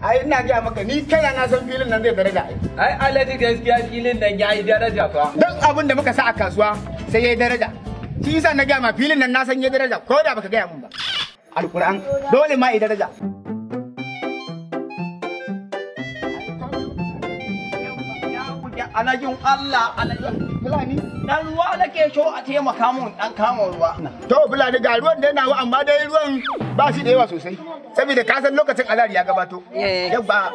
ai n'a gaya maka ni kai na san filin nan zai daraja ai ai alaji gaskiya filin nan yayi daraja fa dan abin da muka sa a kasuwa sai yayi daraja shi yasa na gaya ma filin nan na san ya daraja ko da baka gaya mun ba alquran dole ma ya daraja alajin Allah alajin Fulani dan ruwa nake so a taimaka mun dan kama ruwa to Fulani ga ruwan da yana amma dai ruwan ba shi da yawa sosai saboda ka san lokacin ya gabato eh. yabba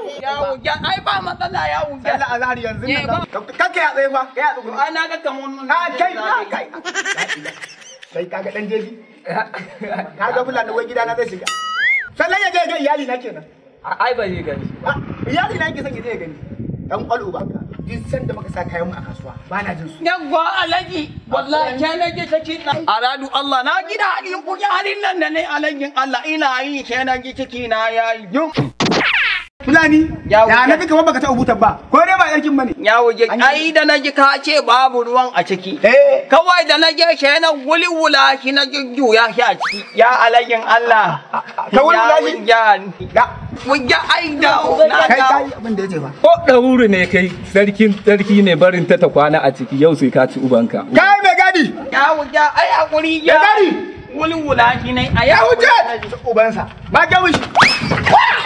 ya ai ba matsala ya wuya sallar yanzu eh, nan kake ya tsaye fa kai ya tsugu na ga kaman ah, kai kai kai kaga dan jeji kaga Fulani wai gidana zai shiga ya je ga iyali na kenan ai ba zai gani ah, iyali na ke son ya je gani dan kwalu ba duk sanda muka sa kayan mu a kasuwa ba na jin su yawwa alaji wallahi ke na ji aladu Allah na gida halin kuke halin nan da ne alajin Allah ina yi ke na ji ciki na yayi Fulani ya na kamar baka ta ubutan ba ko dai ba yakin bane ya wuge ai da naji ka ce babu ruwan a ciki eh. kawai da naje shi yana wulwula shi na ya shi a ciki ya alayin Allah ta wulwula shi ya wuge ai da na kai kai abin da yace ba ko dauru ne kai sarkin sarki ne barin ta ta kwana a ciki yau sai ka ci ubanka kai me gadi ya wuge ai hakuri ya gadi wulwula shi ne a ya wuge ubansa ba gabu shi